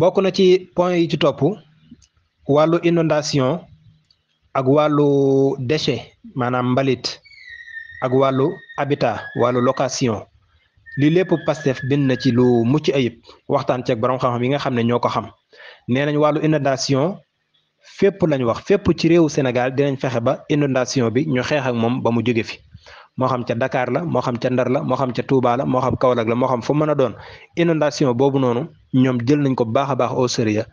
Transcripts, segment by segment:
bokk na ci point yi ci topp wàllu inondation ak wàllu déchet maanaam mbalit ak wàllu habitat wàllu location li lépp Pastef bind na ci lu mucc ayib waxtaan ceeg borom xam-xam yi nga xam ne ñoo ko xam nee nañ wàllu inondation fépp lañ wax fépp ci réewu Sénégal dinañ fexe ba inondation bi ñu xeex ak moom ba mu jóge fi moo xam ca Dakar la moo xam ca Ndar la moo xam ca Touba la moo xam Kaolack la moo xam fu mën a doon inondation boobu noonu ñoom jël nañ ko baax a baax au sérieux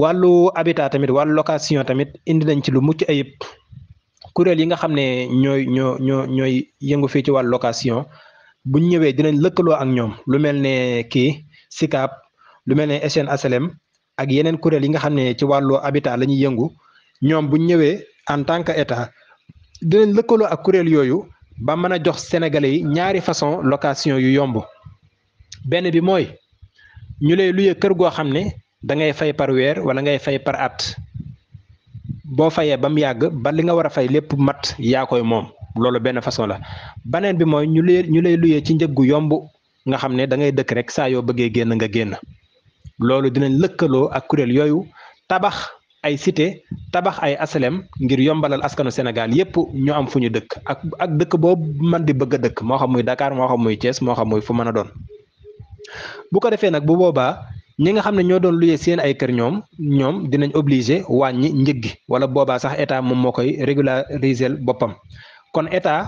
wàllu habitat tamit wàllu location tamit indi nañ ci lu mucc ayib kuréel yi nga xam ne ñooy ñoo ñoo ñooy yëngu fii ci wàllu location buñ ñëwee dinañ lëkkaloo ak ñoom lu mel ne kii SICAP lu mel ne SN HLM ak yeneen kuréel yi nga xam ne ci wàllu habitat la ñuy yëngu ñoom buñ ñëwee en tant que état dinañ lëkkaloo ak kuréel yooyu ba mën a jox sénégalais yi ñaari façon location yu yomb benn bi mooy ñu lay luye kër goo xam ne da ngay fay par weer wala ngay fay par at boo fayee ba mu yàgg ba li nga war a fay lépp mat yaa koy moom loolu benn façon la beneen bi mooy ñu lay ñu lay luyee ci njëg yomb nga xam ne dangay ngay dëkk rek saa yoo bëggee génn nga génn loolu dinañ lëkkaloo ak kuréel yooyu tabax ay cité tabax ay aslem ngir yombalal askanu Sénégal yépp ñu am fu ñu dëkk ak ak dëkk boobu man di bëgg a dëkk moo xam muy dakaar moo xam muy Thiès moo xam muy fu mën a doon bu ko defee nag bu boobaa ñi nga xam ne ñoo doon luyee seen ay kër ñoom ñoom dinañ obligé wàññi njëg gi wala boobaa sax état moom moo koy régulariser boppam kon état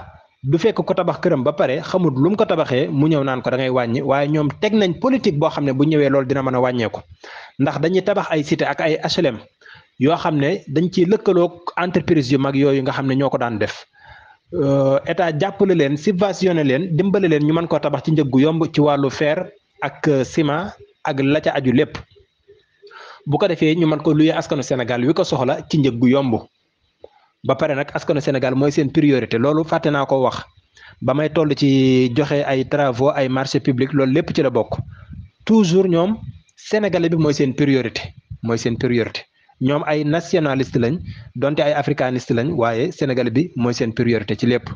du fekk ko tabax këram ba pare xamul lu mu ko tabaxee mu ñëw naan ko da ngay wàññi waaye ñoom teg nañ politique boo xam ne bu ñëwee loolu dina mën a wàññeeku ndax dañuy tabax ay cité ak ay HLM yoo xam ne dañ ciy lëkkaloog entreprise yu mag yooyu nga xam ne ñoo ko daan def euh, état jàppale leen subventionné leen dimbale leen ñu man koo tabax ci njëg gu yomb ci wàllu feer ak euh, ciment ak la aju lépp bu ko defee ñu mën ko luyee askanu Sénégal wi ko soxla ci njëg gu yomb ba pare nag askanu Sénégal mooy seen priorité loolu fàtte naa ko wax ba may toll ci joxe ay travaux ay marché public loolu lépp ci la bokk toujours ñoom Sénégalais bi mooy seen priorité mooy seen ñoom ay nationaliste lañ donte ay africaniste lañ waaye sénégal bi mooy seen priorité ci lépp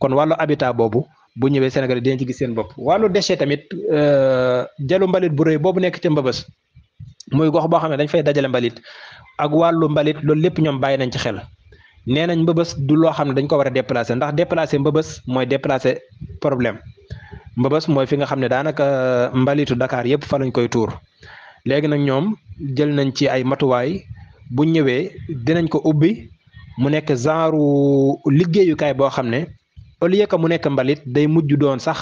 kon wàllu habitat boobu bu ñëwee sénégalais dañ ci gis seen bopp wàllu déchet tamit euh, jalu mbalit bu rëy boobu nekk ca mbëbës muy gox boo xam ne dañ fay dajale mbalit ak wàllu mbalit loolu lépp ñoom bàyyi nañ ci xel nee nañ mbëbës du loo xam ne dañ ko war a déplacer ndax déplacer mbëbës mooy déplacer problème mbëbës mooy fi nga xam ne daanaka euh, mbalitu Dakar yëpp fa lañ koy tuur léegi nag ñoom jël nañ ci ay matuwaay bu ñëwee dinañ ko ubbi mu nekk genre liggéeyukaay boo xam ne au lieu que mu nekk mbalit day mujj doon sax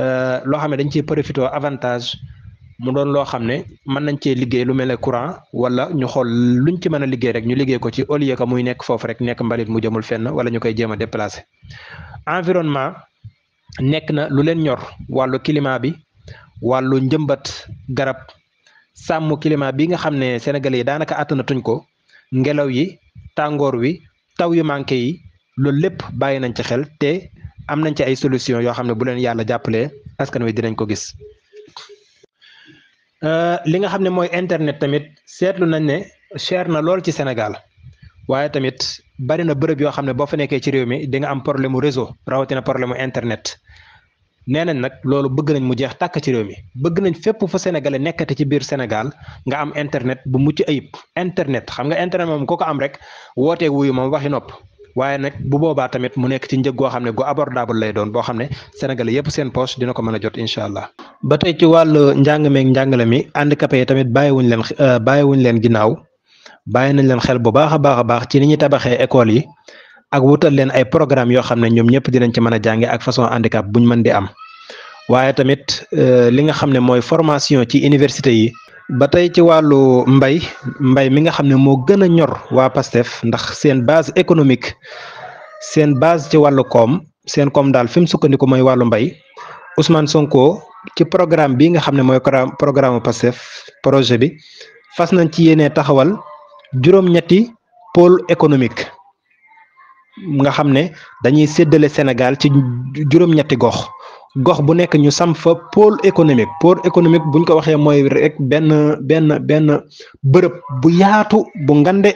euh, loo xam ne dañ ciy profité avantage mu doon loo xam ne mën nañ cee liggéey lu mel ne courant wala ñu xool luñ ci mën a liggéey rek ñu liggéey ko ci au lieu que muy nekk foofu rek nekk mbalit mu jëmul fenn wala ñu koy jéem a déplacé environnement nekk na lu leen ñor wàllu climat bi wàllu njëmbat garab sàmm climat bi nga xam ne sénégal yi daanaka àttanatuñ ko ngelaw yi tàngoor wi taw yu manqué yi loolu lépp bàyyi nañ ci xel te am nañ ci ay solution yoo xam ne bu leen yàlla jàppalee askan wi dinañ ko gis euh, li nga xam ne mooy internet tamit seetlu nañ ne cher na lool ci Sénégal waaye tamit bari na bërëb yoo xam ne boo fa nekkee ci réew mi di nga am problème mu réseau rawatina problème mu internet nee nañ nag loolu bëgg nañ mu jeex takk ci réew mi bëgg nañ fépp fa sénégalais nekkate ci biir Sénégal nga am internet bu mucc ayib internet xam nga internet moom ko ko am rek woote wuyu moom waxi nopp waaye nag bu boobaa tamit mu nekk ci njëg goo xam ne gu abordable lay doon boo xam ne sénégalais yëpp seen poche dina ko mën a jot incha allah. ba tey ci wàllu njàng meeg njàngale mi handicapé yi tamit bàyyiwuñ leen bàyyiwuñ leen ginnaaw bàyyi nañ leen xel bu baax a baax a baax ci ni ñuy tabaxee école yi ak wutal leen ay programme yoo xam ne ñoom ñëpp dinañ ci mën a jànge ak façon handicap buñ mën di am waaye tamit euh, li nga xam ne mooy formation ci université yi ba tey ci wàllu mbay mbay mi nga xam ne moo gën a ñor waa PASTEF ndax seen base économique seen base ci wàllu koom seen koom daal fi mu sukkandiku mooy wàllu mbay Ousmane Sonko ci programme bi nga xam ne mooy programme PASTEF projet bi fas nañ ci yéene taxawal juróom-ñetti pôle économique nga xam ne dañuy séddale Sénégal ci juróom-ñetti gox gox bu nekk ñu sam fa pôle économique pôle économique buñ ko waxee mooy rek benn benn benn bërëb bu yaatu bu ngande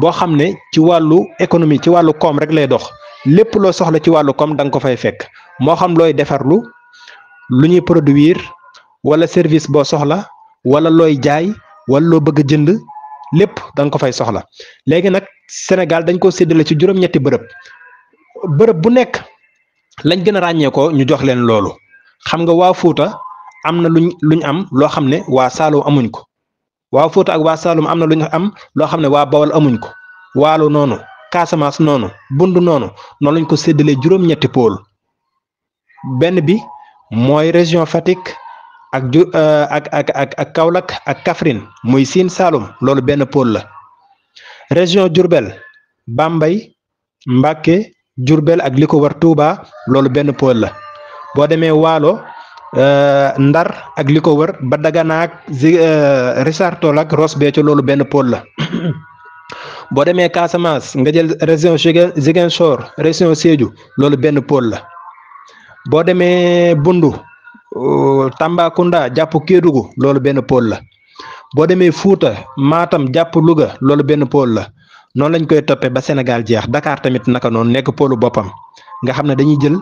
boo xam ne ci wàllu économie ci wàllu koom rek lay dox lépp loo soxla ci wàllu koom da nga ko fay fekk moo xam looy defarlu lu ñuy produire wala service boo soxla wala looy jaay wala loo bëgg jënd lépp da nga ko fay soxla léegi nag Sénégal dañ ko séddale ci juróom-ñetti bërëb bërëb bu nekk lañ gën a ràññee ko ñu jox leen loolu xam nga waa Fuuta am na luñ luñ am loo xam ne waa Saalum amuñ ko waa Fuuta ak waa Saalum am na luñ am loo xam ne waa Bawol amuñ ko waalo noonu Casamance noonu Bund noonu noonu lañ ko séddalee juróom-ñetti pôle benn bi mooy région Fatick euh, ak ak ak ak Kaolack ak Kaffrine muy Sine Saalum loolu benn pôle la. région Diourbel Bambey Mbacké Diourbel ak li ko war Touba loolu benn pool la boo demee Waalo euh, Ndar ak li ko wër ba Dagana ak euh, Richard Toll ak Ross Béthio loolu benn pool la boo demee Casamance nga jël région Ziguinchor région Sédhiou loolu benn pool la boo demee Bundu euh, Tambacounda jàpp Kédougou loolu benn pool la. boo demee Fuuta maatam jàpp luga loolu benn pôle la noonu lañ koy toppee ba Sénégal jeex Dakar tamit naka noonu nekk pôlu boppam nga xam ne dañuy jël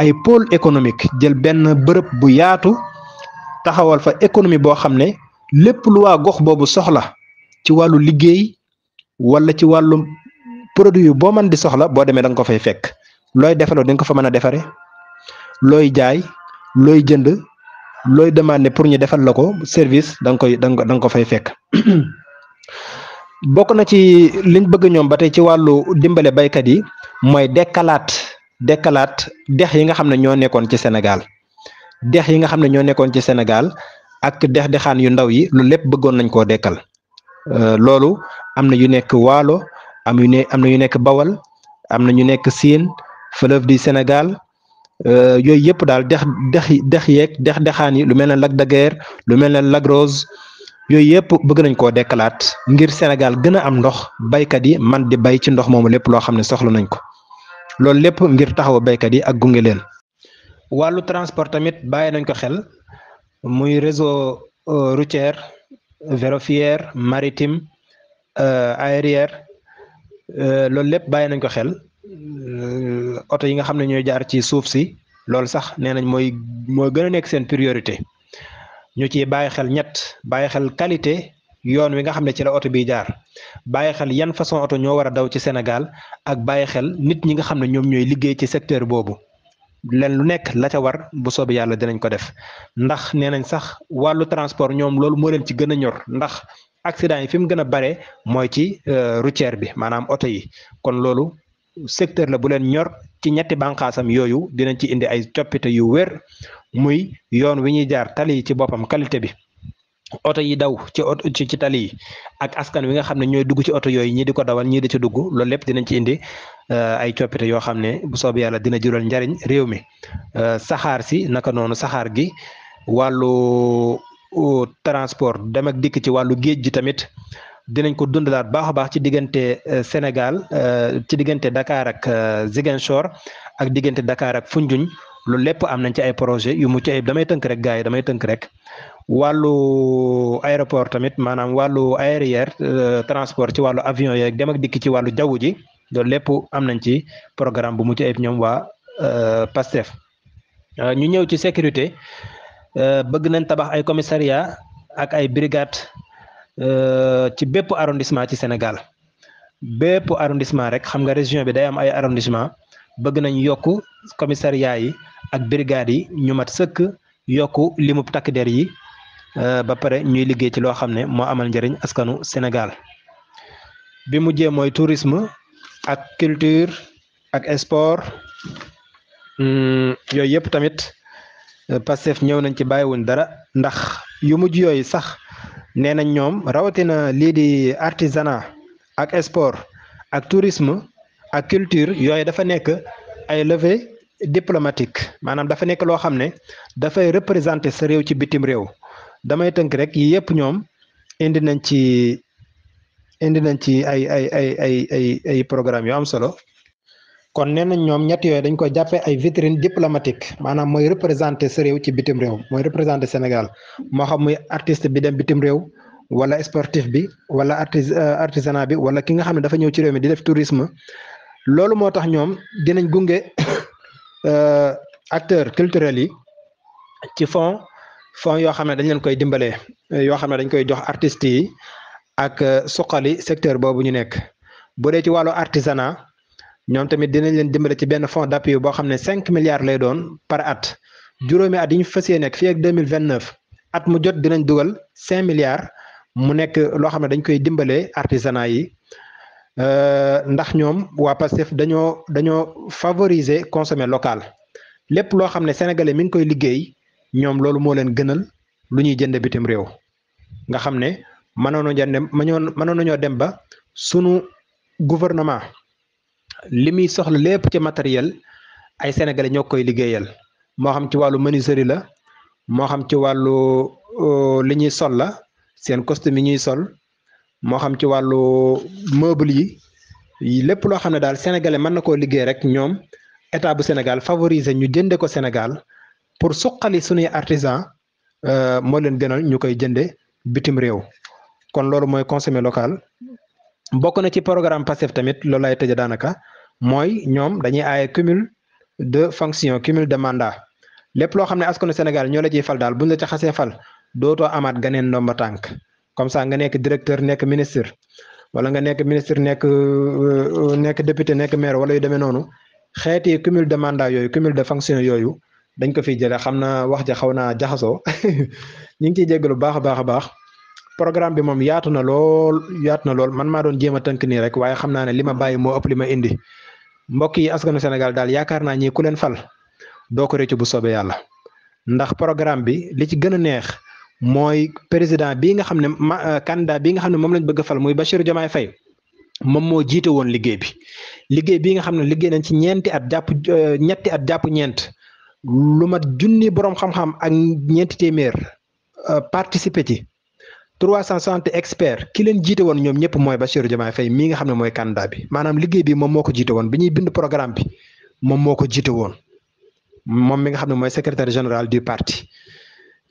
ay pôle économique jël benn bërëb bu yaatu taxawal fa économie boo xam ne lépp lu waa gox boobu soxla ci wàllu liggéey walla ci wàllu produit yu boo mën di soxla boo demee danga nga ko fay fekk looy defaloo da nga ko fa mën a defaree looy jaay looy jënd looy demander pour ñu defal la ko service da nga koy da nga ko fay fekk bokk na ci liñ bëgg ñoom ba tey ci wàllu dimbale baykat yi mooy dekalaat dekalaat dex yi nga xam ne ñoo nekkoon ci senegal dex yi nga xam ne ñoo nekkoon ci senegal ak dex dexaan yu ndaw yi lu lépp bëggoon nañ koo dekkal euh, loolu am na yu nekk waalo am yu ne am na yu nekk bawal am na ñu nekk siin fleuve du Sénégal Euh, yooyu yëpp daal dex dex dex yeeg dex dexaan yi lu mel ne Lac de lu mel ne Lac Rose yooyu yëpp bëgg nañ koo dekkalaat ngir Sénégal gën a am ndox baykat yi man di bay ci ndox moomu lépp loo xam ne soxla nañ ko loolu lépp ngir taxaw baykat yi ak gunge leen. wàllu transport tamit bàyyi nañ ko xel muy réseau euh, routier ferroviaire maritime euh, aérien loolu lépp bàyyi nañ ko xel. Euh, oto yi nga xam ne ñooy jaar ci suuf si loolu sax nee nañ mooy mooy gën a nekk seen priorité ñoo ci bàyyi xel ñett bàyyi xel qualité yoon wi nga xam ne ci la oto bi jaar bàyyi xel yan façon oto ñoo war a daw ci Sénégal ak bàyyi xel nit ñi nga xam ne ñoom ñooy liggéey ci secteur boobu leen lu nekk la ca war bu soobee yàlla dinañ ko def ndax nee nañ sax wàllu transport ñoom loolu moo leen ci gën a ñor ndax accident yi fi mu gën a bare mooy ci euh, routière bi maanaam oto yi kon loolu secteur la bu leen ñor ci ñetti bànqaasam yooyu dinañ ci indi ay coppite yu wér muy yoon wi ñuy jaar tali ci boppam qualité bi oto yi daw ci oto ci ci tali yi ak askan wi nga xam ne ñooy dugg ci oto yooyu ñii di ko dawal ñii di ci dugg loolu lépp dinañ ci indi euh, ay coppite yoo xam ne bu soobee yàlla dina jural njariñ réew mi euh, saxaar si naka noonu saxaar gi wàllu euh, transport dem ak dikk ci wàllu géej gi tamit dinañ ko dundalaat baax a baax ci diggante euh, Sénégal euh, ci diggante Dakar ak euh, Ziguinchor ak diggante Dakar ak Foundiougne loolu lépp am nañ ci ay projet yu mucc ayib damay tënk rek gars yi damay tënk rek wàllu aéroport tamit maanaam wàllu aérien transport ci wàllu avion yeeg dem ak dikk ci wàllu jaww ji loolu lépp am nañ ci programme bu mucc ayib ñoom waa PASTEF ñu ñëw ci sécurité bëgg nañ tabax ay commissariat ak ay brigade Euh, ci bépp arrondissement ci Sénégal bépp arrondissement rek xam nga région bi day am ay arrondissement bëgg nañ yokk commissariat yi ak brigade yi ñu mat sëkk yokk limub takk der yi euh, ba pare ñuy liggéey ci loo xam ne moo amal njëriñ askanu Sénégal bi mujjee mooy tourisme ak culture ak sport hmm, yooyu yëpp tamit euh, Pastef ñëw nañ ci bàyyiwuñ dara ndax yu mujj yooyu sax nee nañ ñoom rawatina lii di artisanat ak esport ak tourisme ak culture yooyu dafa nekk ay levée diplomatique maanaam dafa nekk loo xam ne dafay représenté sa réew ci bitim réew damay tënk rek yi yëpp ñoom indi nañ ci indi nañ ci ay ay ay ay ay ay programme yu am solo kon nee nañ ñoom ñett yooyu koy jàppee ay vitrine diplomatique maanaam mooy représenté sa réew ci bitim réew mooy représenté Sénégal moo xam muy artiste bi dem bitim réew wala sportif bi wala artis euh, artisanat bi wala ki nga xam ne dafa ñëw ci réew mi di def tourisme loolu moo tax ñoom dinañ gunge euh, acteur culturels yi ci fonds fonds yoo xam ne dañ leen koy dimbale yo xam ne dañ koy jox artistes yi ak euh, sokali secteur boobu ñu nekk bu dee ci wàllu artisanat ñoom tamit dinañ leen dimbale ci benn fonds d'appui boo xam ne cinq milliards lay doon par at juróomi at yi ñu fas yéene nekk fii ak mille vingt neuf at mu jot dinañ dugal cinq milliards mu nekk loo xam ne dañ koy dimbale artisanat yi euh, ndax ñoom waa Pastef dañoo dañoo favoriser consommer local lépp loo xam ne sénégalais mi ngi koy liggéey ñoom loolu moo leen gënal lu ñuy jënd bitim réew nga xam ne mënoon nañoo dem mënoon nañoo dem ba sunu gouvernement. li muy soxla lépp ci matériel ay sénégalais ñoo koy liggéeyal moo xam ci wàllu menuiserie la moo xam ci wàllu li ñuy sol la seen costume yi ñuy sol moo xam ci wàllu meuble yi lépp loo xam ne daal sénégalais mën na koo liggéey rek ñoom état bu Sénégal favoriser ñu jënde ko Sénégal pour suqali suñuy artisan euh, moo leen gënal ñu koy jënde bitim réew kon loolu mooy consommer local bokk na ci programme Pastef tamit loolu lay tëjee daanaka mooy ñoom dañuy aaye cumul de fonction cumul de mandat lépp loo xam ne askanu Sénégal ñoo la ciy fal daal buñ la ca xasee fal dootoo amaat ganeen ndomba tànk comme ça nga nekk directeur nekk ministre wala nga nekk ministre nekk euh, nekk député nekk maire wala yu demee noonu xeeti cumul de mandat yooyu cumul de fonction yooyu dañ ko fi jëlee xam na wax ja xaw naa jaxasoo ñu ngi ciy jégg lu baax a baax a baax. programme bi moom yaatu na lool yaatu na lool man maa doon jéem a tënk nii rek waaye xam naa ne li ma bàyyi moo ëpp li indi mbokk yi askanu Sénégal daal yaakaar naa ñi ku leen fal doo ko bu soobee yàlla ndax programme bi li ci gën a neex mooy président bii nga xam ne ma euh, candidat bii nga xam ne moom lañ bëgg a mooy muy Bassirou Diomaye moom moo jiite woon liggéey bi liggéey bii nga xam ne liggéey nañ ci ñeenti at jàpp euh, ñetti at jàpp ñeent lu mat junni boroom xam-xam ak ñeenti téeméer euh, participer 360 experts ki leen jiite woon ñoom ñëpp mooy Bassirou Diomaye Faye mii nga xam ne mooy candidat bi maanaam liggéey bi moom moo ko jiite woon bi ñuy moom moo ko jiite woon moom mi nga xam ne mooy secrétaire général du parti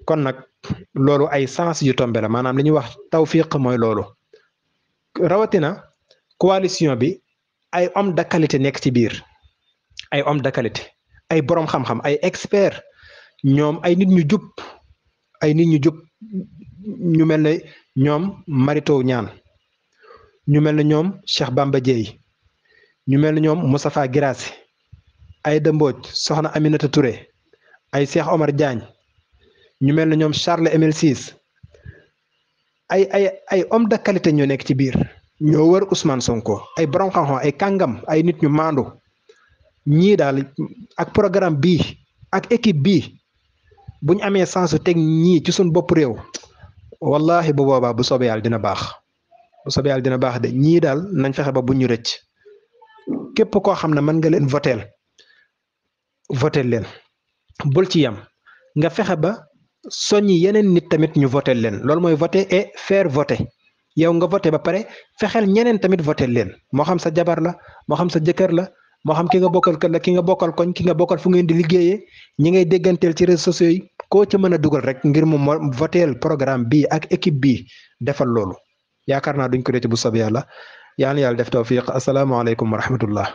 kon nag loolu ay sens yu tombe la maanaam li ñuy wax tawfiq mooy loolu rawatina coalition bi ay homme de qualité nekk ci biir ay homme de qualité ay borom xam-xam ay expert ñoom ay nit ñu jub ay nit ñu jub ñu mel ne ñoom marito ñaan ñu mel ne ñoom Cheikh Bamba Dieye ñu mel ne ñoom Moustapha Guirassy Aïda Mbodj Soxna Aminata Touré ay Cheikh Omar Diagne ñu mel ne ñoom Charles Emile Ciss ay ay ay homme de qualité ñoo nekk ci biir ñoo wër Ousmane Sonko ay borom xam-xam ay kàngam ay nit ñu maandu ñii daal ak programme bii ak équipe bii bu ñu amee sensu teg ñii ci suñ bopp réew wallahi bu boobaa bu soobee yàlla dina baax bu soobee dina baax de ñii daal nañ fexe ba bu ñu rëcc képp koo xam ne mën nga leen voteel votel leen bul ci yam nga fexe ba soññi yeneen nit tamit ñu voteel leen loolu mooy voter et faire voter yow nga voter ba pare fexeel ñeneen tamit voteel leen moo xam sa jabar la moo xam sa jëkkër la moo xam ki nga bokkal kër la ki nga bokkal koñ ki nga bokkal fu ngeen di liggéeyee ñi ngay dégganteel ci réseaux sociaux yi koo ci mën a dugal rek ngir mu voteel programme bii ak équipe bi defal loolu yaakaar naa duñ ko réccu bu soobee yàlla yaan yàlla def tawfiq asalaamaaleykum wa rahmatullah